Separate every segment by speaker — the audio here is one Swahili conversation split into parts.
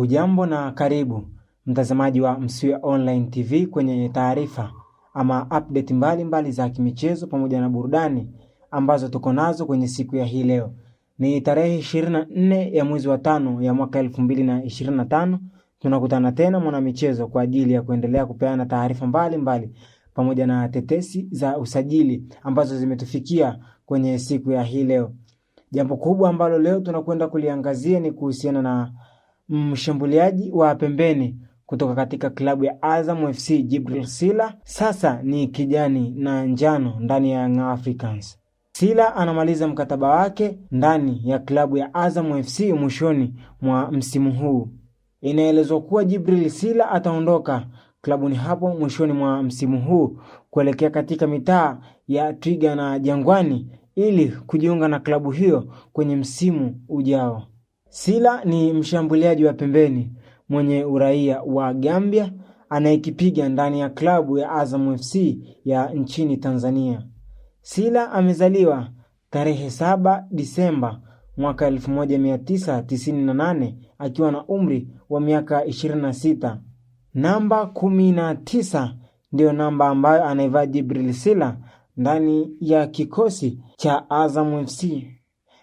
Speaker 1: Hujambo na karibu mtazamaji wa msiwa Online TV kwenye taarifa ama update mbalimbali za kimichezo pamoja na burudani ambazo tuko nazo kwenye siku ya hii leo. Ni tarehe 24 ya mwezi wa tano ya mwaka 2025. Tunakutana tena mwanamichezo kwa ajili ya kuendelea kupeana taarifa mbalimbali pamoja na tetesi za usajili ambazo zimetufikia kwenye siku ya hii leo. Jambo kubwa ambalo leo tunakwenda kuliangazia ni kuhusiana na mshambuliaji wa pembeni kutoka katika klabu ya Azam FC Jibril Sila sasa ni kijani na njano ndani ya Young Africans. Sila anamaliza mkataba wake ndani ya klabu ya Azam FC mwishoni mwa msimu huu. Inaelezwa kuwa Jibril Sila ataondoka klabuni hapo mwishoni mwa msimu huu kuelekea katika mitaa ya Twiga na Jangwani ili kujiunga na klabu hiyo kwenye msimu ujao. Sila ni mshambuliaji wa pembeni mwenye uraia wa Gambia anayekipiga ndani ya klabu ya Azam FC ya nchini Tanzania. Sila amezaliwa tarehe 7 Disemba mwaka 1998 akiwa na umri wa miaka 26. Namba 19 ndiyo namba ambayo anaivaa Jibril Sila ndani ya kikosi cha Azam FC.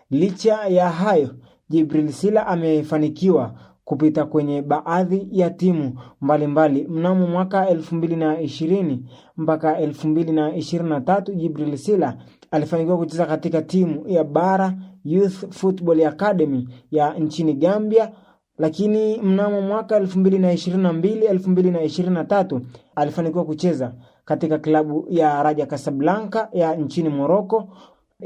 Speaker 1: Licha ya hayo Jibril Sila amefanikiwa kupita kwenye baadhi ya timu mbalimbali mbali. Mnamo mwaka elfu mbili na ishirini mpaka elfu mbili na ishirini na tatu Jibril Sila alifanikiwa kucheza katika timu ya Bara Youth Football Academy ya nchini Gambia, lakini mnamo mwaka elfu mbili na ishirini na mbili elfu mbili na ishirini na tatu alifanikiwa kucheza katika klabu ya Raja Casablanca ya nchini Morocco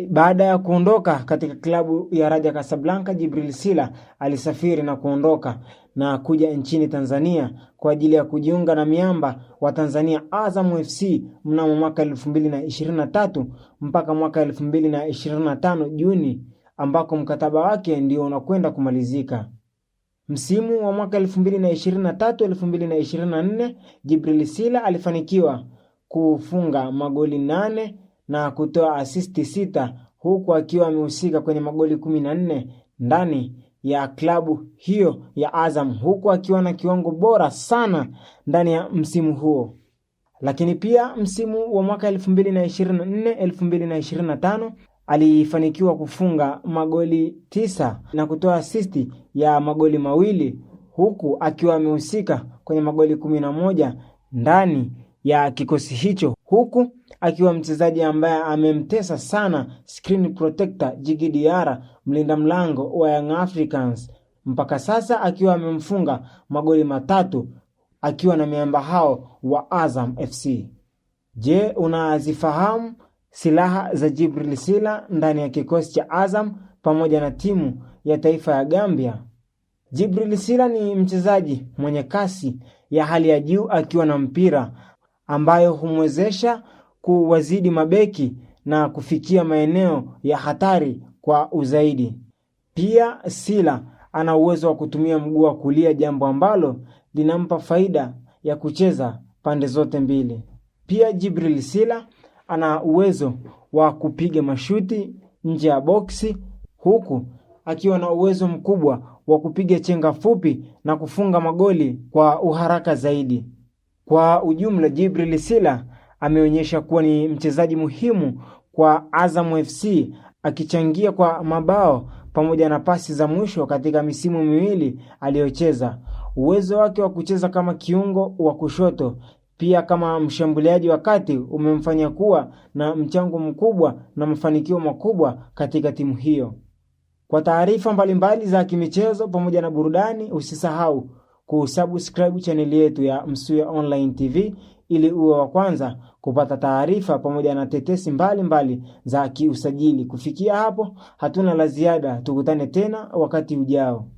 Speaker 1: baada ya kuondoka katika klabu ya Raja Casablanca, Jibril Sila alisafiri na kuondoka na kuja nchini Tanzania kwa ajili ya kujiunga na miamba wa Tanzania Azam FC mnamo mwaka 2023 mpaka mwaka 2025 Juni, ambako mkataba wake ndio unakwenda kumalizika. Msimu wa mwaka 2023-2024 Jibril Sila alifanikiwa kufunga magoli nane na kutoa asisti sita huku akiwa amehusika kwenye magoli kumi na nne ndani ya klabu hiyo ya Azam huku akiwa na kiwango bora sana ndani ya msimu huo. Lakini pia msimu wa mwaka 2024 2025 alifanikiwa kufunga magoli tisa na kutoa asisti ya magoli mawili huku akiwa amehusika kwenye magoli kumi na moja ndani ya kikosi hicho huku akiwa mchezaji ambaye amemtesa sana screen protector Djigui mlinda mlango wa Young Africans mpaka sasa akiwa amemfunga magoli matatu akiwa na miamba hao wa Azam FC. Je, unazifahamu silaha za Jibril Sila ndani ya kikosi cha Azam pamoja na timu ya taifa ya Gambia? Jibril Sila ni mchezaji mwenye kasi ya hali ya juu akiwa na mpira ambayo humwezesha kuwazidi mabeki na kufikia maeneo ya hatari kwa uzaidi. Pia Sila ana uwezo wa kutumia mguu wa kulia, jambo ambalo linampa faida ya kucheza pande zote mbili. Pia Jibril Sila ana uwezo wa kupiga mashuti nje ya boksi huku akiwa na uwezo mkubwa wa kupiga chenga fupi na kufunga magoli kwa uharaka zaidi. Kwa ujumla, Jibril Sila ameonyesha kuwa ni mchezaji muhimu kwa Azam FC akichangia kwa mabao pamoja na pasi za mwisho katika misimu miwili aliyocheza. Uwezo wake wa kucheza kama kiungo wa kushoto pia kama mshambuliaji wa kati umemfanya kuwa na mchango mkubwa na mafanikio makubwa katika timu hiyo. Kwa taarifa mbalimbali za kimichezo pamoja na burudani, usisahau kusubscribe chaneli yetu ya Msuya Online TV ili uwe wa kwanza kupata taarifa pamoja na tetesi mbalimbali mbali za kiusajili. Kufikia hapo hatuna la ziada, tukutane tena wakati ujao.